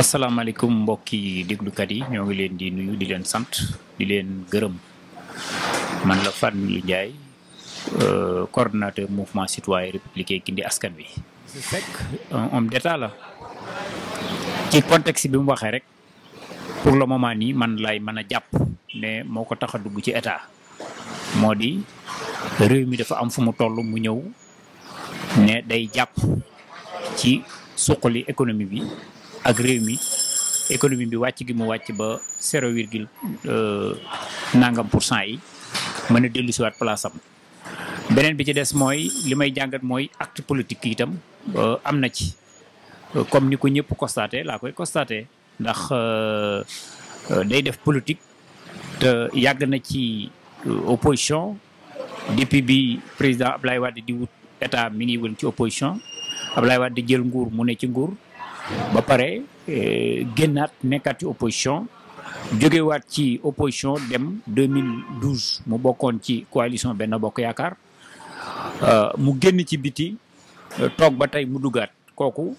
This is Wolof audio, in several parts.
asalaamaaleykum mbokki déglukat yi ñoo ngi leen di nuyu di leen sant di leen gërëm man la Fadilou Ndiaye euh, coordinateur mouvement citoyen ki Gindi askan wi. un homme d'état la ci contexte bi mu waxee rek pour le moment nii man laay mën a jàpp ne moo ko tax a dugg ci état moo di réew mi dafa am fu mu toll mu ñëw ne day jàpp ci suqali économie bi. ak réew mi économie bi wàcc gi mu wàcc ba zéro virgule euh, nangam pour cent yi mën a dellu siwaat place beneen bi ci des mooy li may jàngat mooy act politique itam euh, am na ci comme ni ko ñëpp constaté laa koy constaté ndax euh, day def politique te yàgg na ci opposition dépuis bi président Ablaye Wade di wut état mi ngi woon ci opposition Ablaye Wade di jël nguur mu ne ci nguur ba pare eh, génnaat nekkaat ci opposition jógewaat ci opposition dem 2012 mu bokkoon ci coalition Benno Bokk Yaakaar euh, mu génn ci biti euh, toog ba tey mu duggaat kooku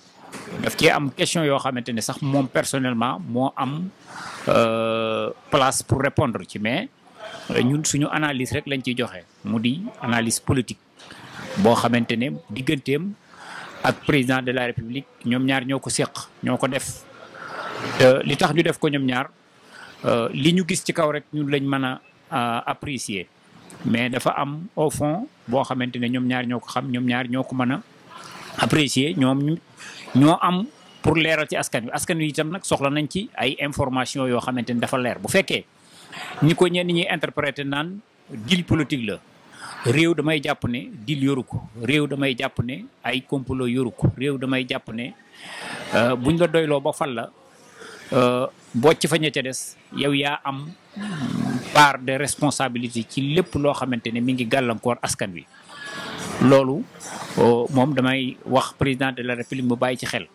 daf cee am question yoo xamante ne sax moom personnellement moo am euh, place pour répondre ci mais ñun suñu analyse rek lañ ciy joxe mu di analyse politique boo xamante ne digganteem ak président de la république ñoom ñaar ñoo ko séq ñoo ko def euh, li tax ñu def ko ñoom ñaar euh, li ñu gis ci kaw rek ñun lañ mën a euh, apprécier mais dafa am au fond boo xamante ne ñoom ñaar ñoo ko xam ñoom ñaar ñoo ko mën a apprécier ñoom ñoo am pour leeral ci askan wi askan wi itam nag soxla nañ ci ay information yoo xamante ne dafa leer bu fekkee ñi ko ñenn ñi interpréter naan deal politique la réew damay jàpp ne dil yoru ko réew damay jàpp ne ay complot yoru réew damay jàpp ne euh, buñ la doyloo ba fal la euh, bocc fa ña ca des yow yaa am part de responsabilité ci lépp loo xamante ne mi ngi gàllankoor askan wi loolu euh, moom damay wax président de la république mu bàyyi ci xel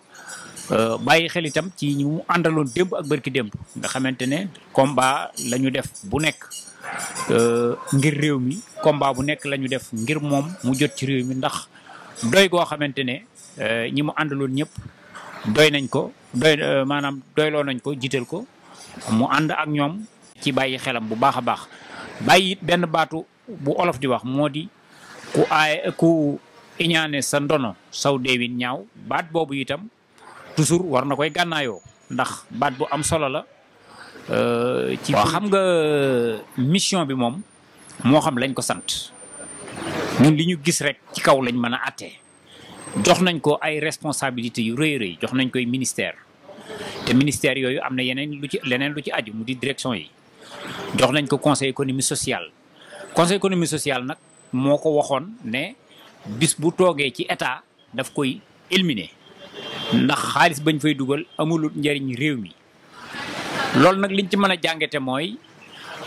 bàyyi xel itam ci ñu àndaloon démb ak bërki démb nga xamante ne combat lañu def bu nekk Euh, ngir réew mi combat bu nekk la ñu def ngir moom mu jot ci réew mi ndax doy goo xamante ne euh, ñi mu àndaloon ñëpp doy nañ ko doy euh, maanaam doyloo nañ ko jiital ko mu ànd ak ñoom ci bàyyi xelam bu baax a baax bàyyi it benn baatu bu olof di wax moo di ku aay ku iñaane sa ndono saw deewin ñaaw baat boobu itam toujours war na koy gànnaayoo ndax baat bu am solo Euh, ci xam nga mission bi moom moo xam lañ ko sant ñun li ñu gis rek ci kaw lañ mën a àttee jox nañ ko ay responsabilités yu rëy rëy jox nañ koy ministère te ministère yooyu am na yeneen lu ci leneen lu ci aju mu di direction yi jox nañ ko conseil économique social conseil économique sociale nag moo ko waxoon ne bis bu toogee ci état daf koy éliminer ndax xaalis bañ fay dugal amulul njariñ réew mi loolu nag liñ ci mën a jàngate mooy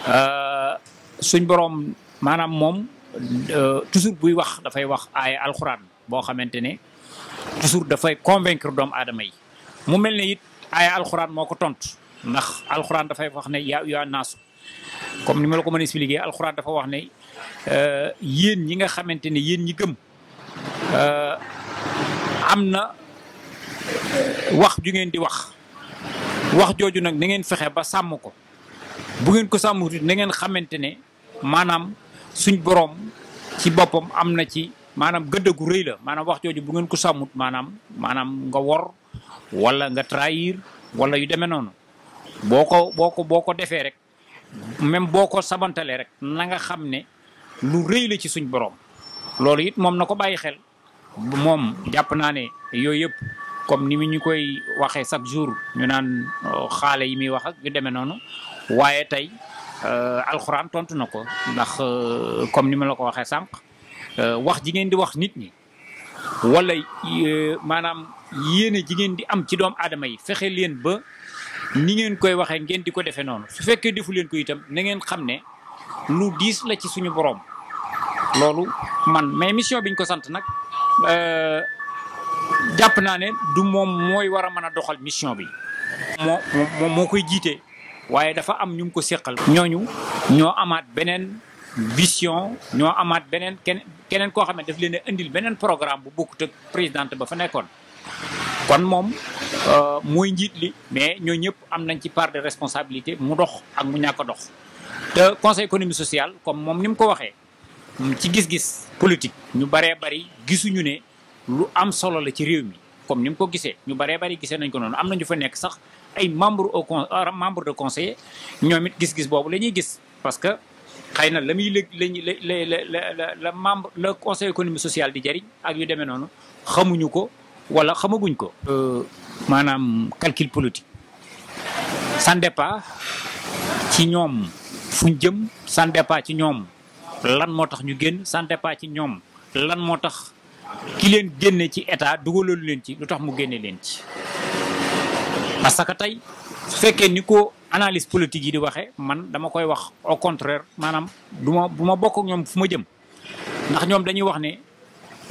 euh, suñ boroom maanaam moom euh, toujours buy wax dafay wax aaya alxuraan boo xamante ne toujours dafay convaincre doomu aadama yi mu mel ne it aaya alxuraan moo ko tontu ndax alxuraan dafay wax ne yaa yaa naasu comme ni ma la ko mën a expliqué alxuraan dafa wax ne euh, yéen ñi nga xamante ne yéen ñi gëm am na wax ju ngeen di wax wax jooju nag na ngeen fexe ba sàmm ko bu ngeen ko sàmmuti na ngeen xamante ne maanaam suñ boroom ci boppam am na ci maanaam gëdd gu rëy la maanaam wax jooju bu ngeen ko sàmmut maanaam maanaam nga wor wala nga trahir wala yu demee noonu boo ko boo ko boo ko defee rek même boo ko sabantalee rek na nga xam ne lu rëy la ci suñ borom loolu it moom na ko bàyyi xel moom jàpp naa ne yooyu yëpp comme ni mu ñu koy waxee chaque jour ñu naan euh, xaale yi muy wax ak yu demee noonu waaye tey euh, alxuraan tontu na ko ndax euh, comme ni ma la ko waxee sànq wax ji ngeen di wax nit ñi wala maanaam yéene ji ngeen di am ci doom aadama yi fexe leen ba ni ngeen koy waxee ngeen di ko defee noonu su fekkee defu leen ko itam na ngeen xam ne lu diis la ci suñu boroom loolu man mais mission biñ ko sant nag. jàpp naa ne du moom mooy war a mën a doxal mission bi. moo moo koy jiite waaye dafa am ñum mu ko séqal. ñooñu ñoo amaat beneen vision ñoo amaat beneen keneen keneen koo xam ne daf leen a indil beneen programme bu bokkut ak présidente ba fa nekkoon. kon moom euh, mooy njiit li mais ñoo ñëpp am nañ ci part de responsabilité mu dox ak mu ñàkk dox. te conseil économique social comme moom ni mu ko waxee ci gis-gis politique ñu baree bari gisuñu ne. lu am solo la ci réew mi comme ni mu ko gisee ñu baree bari gisee nañ ko noonu am na ñu fa nekk sax ay membre au con euh, membre de conseil ñoom it gis-gis boobu la ñuy gis parce que xëy na la muy lëg lañu la la la membre le conseil économique social di jariñ ak yu demee noonu xamuñu ko wala xamaguñ ko euh, maanaam calcul politique ça dépend ci ñoom fuñ jëm ça dépend ci ñoom lan moo tax ñu génn ça dépend ci ñoom lan moo tax ki leen génne ci état dugalalu leen ci lu tax mu génnee leen ci parce que tey su fekkee ni ko analyse politique yi di waxee man dama koy wax au contraire maanaam du ma bu ma bokk ñoom fu ma jëm ndax ñoom dañuy wax ne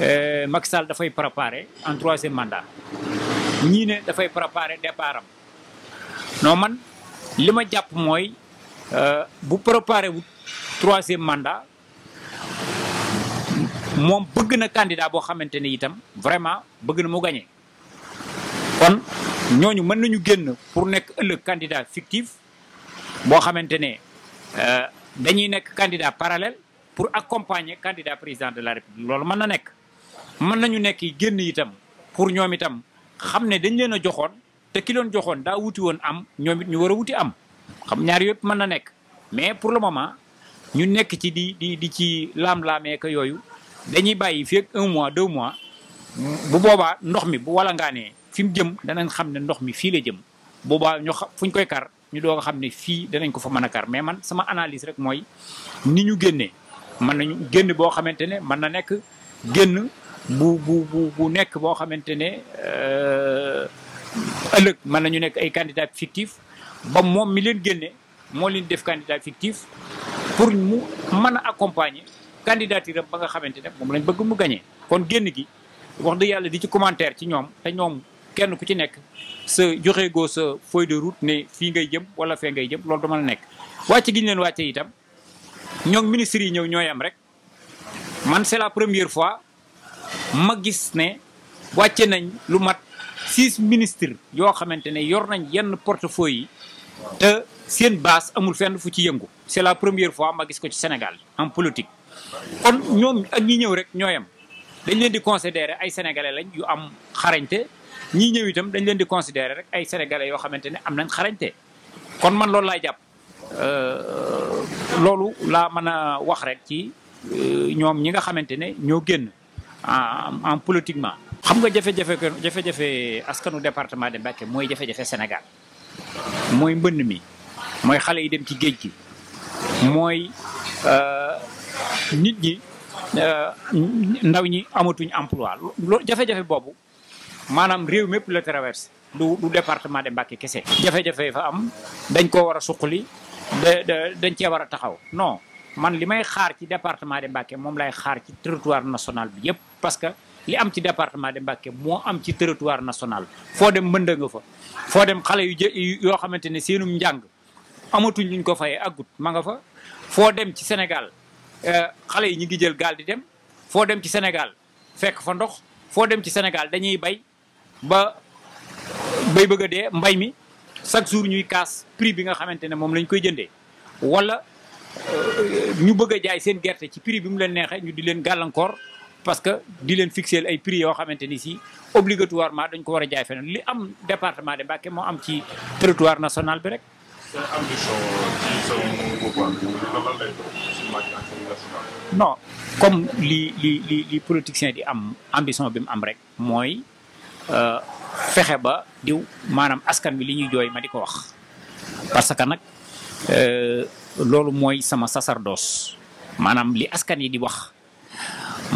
euh, Macky Sall dafay préparer en troisième mandat ñii ne dafay préparer départ am non man li ma jàpp mooy euh, bu préparer wu troisième mandat moom bëgg na candidat boo xamante ni itam vraiment bëgg na mu gagné kon ñooñu mën nañu génn pour nekk ëllëg candidat fictif boo xamante ne euh, dañuy nekk candidat parallèle pour accompagner candidat président de la république loolu mën na nekk mën nañu nekk génn itam pour ñoom itam xam ne dañ leen a joxoon te kiloon joxoon daa wuti woon am ñoom it ñu war a wuti am xam ñaar yëpp mën na nekk mais pour le moment ñu nekk ci di di di ci laam-laamee ka yooyu dañuy bàyyi fii un mois deux mois bu boobaa ndox mi bu walangaanee fi mu jëm danañ xam ne ndox mi fii la jëm boobaa ñu xam fu ñu koy kar ñu doog a xam ne fii danañ ko fa mën a kar mais man sama analyse rek mooy ni ñu génnee mën nañu génn boo xamante ne mën na nekk génn bu bu bu nekk boo xamante ne euh, ëllëg mën nañu nekk ay candidat fictif ba moom mi leen génne moo leen def candidat fictif pour mu mën a accompagner candidature am ba nga xamante ne moom lañ bëgg mu gagné. kon génn gi wax dëgg yàlla di ci commentaire ci ñoom te ñoom kenn ku ci nekk sa joxe goo sa feuille de route ne fii ngay jëm wala fee ngay jëm loolu dama la nekk. wàcc gi ñu leen wàcce itam ñoom ministres yi ñëw ñooy am rek man c'est la première fois ma gis ne wàcce nañ lu mat six ministres yoo xamante ne yor nañ yenn portefeuille yi te seen base amul fenn fu ci yëngu c'est la première fois ma gis ko ci Sénégal kon ñoom ak ñi ñëw rek ñooyam dañ leen di considérer ay sénégalais lañ yu am xarañte ñi ñëw itam dañ leen di considérer rek ay sénégalais yoo xamante ne am nañ xarañte kon man loolu laay jàpp euh, loolu laa mën a wax rek ci euh, ñoom ñi nga xamante ne ñoo génn en politiquement. xam nga jafe-jafe jafe-jafe askanu département de Mbacké mooy jafe-jafe Sénégal mooy mbënn mi mooy xale yi dem ci géej gi mooy. Euh, nit ñi euh, ndaw ñi amatuñ emploi loolu jafe-jafe boobu maanaam réew mépp la traversé du du département de Mbacké kese jafe-jafe fa am dañ koo war a suqali da dañ cee war a taxaw non man li may xaar ci département de Mbacké moom lay xaar ci territoire national bi yëpp parce que li am ci département de Mbacké moo am ci territoire national foo dem mënda nga fa foo dem xale yu jë yoo xamante ne seenum njàng amatuñ luñ ko fayee agut dem ci Sénégal Euh, xale yi ñu ngi jël gaal di dem foo dem ci Sénégal fekk fa ndox foo dem ci Sénégal dañuy bay ba bay bëgg a dee mbay mi chaque jour ñuy kaas prix bi nga xamante ne moom lañ koy jëndee wala euh, ñu bëgg a jaay seen gerte ci prix bi mu leen neexee ñu di leen gàllankoor parce que di leen fixer ay prix yoo xamante ni si obligatoirement dañ ko war a jaay feneen li am département de Mbacké moo am ci territoire national bi rek. non comme li li li politicien di am ambition bi mu am rek mooy euh, fexe ba diw maanaam askan bi li ñuy jooy ma di ko wax parce que nag euh, loolu mooy sama sacerdoce maanaam li askan yi di wax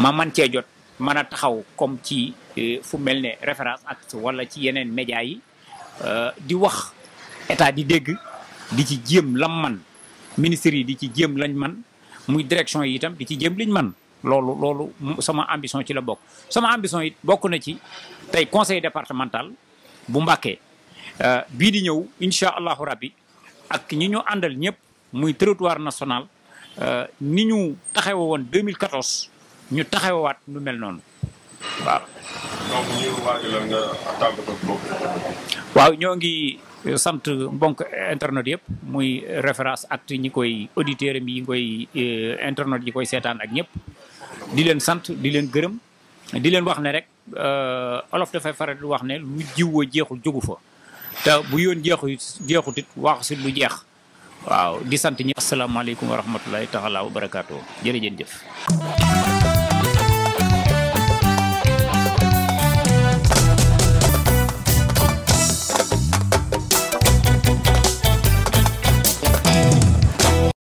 ma man cee jot mën a taxaw comme ci euh, fu mel ne référence ak wala ci yeneen médias yi di wax état di dégg di ci jéem lam man ministres yi di ci jéem lañ man muy direction yi itam di ci jëm liñ man loolu loolu sama ambition ci la bokk sama ambition it bokk na ci tey conseil départemental bu Mbacké euh, bii di ñëw incha allahu rabbi ak ñi ñu àndal ñëpp muy territoire national euh, ni ñu taxawe woon 2014 ñu taxawewaat lu mel noonu donc waaw ñoo ngi sant mbonk internet yëpp muy référence ak ñi koy auditeurs yi ñi koy eh, internet yi koy seetaan ak ñëpp di leen sant di leen gërëm di leen wax ne rek eh, olof dafay faral di wax ne lu jiwoo jeexul jógu fa te bu yoon jeexu jeexut it waaxu lu jeex waaw di sant ñi asalaamaaleykum wa rahmatulahi taala wa barakaatu jërëjëf.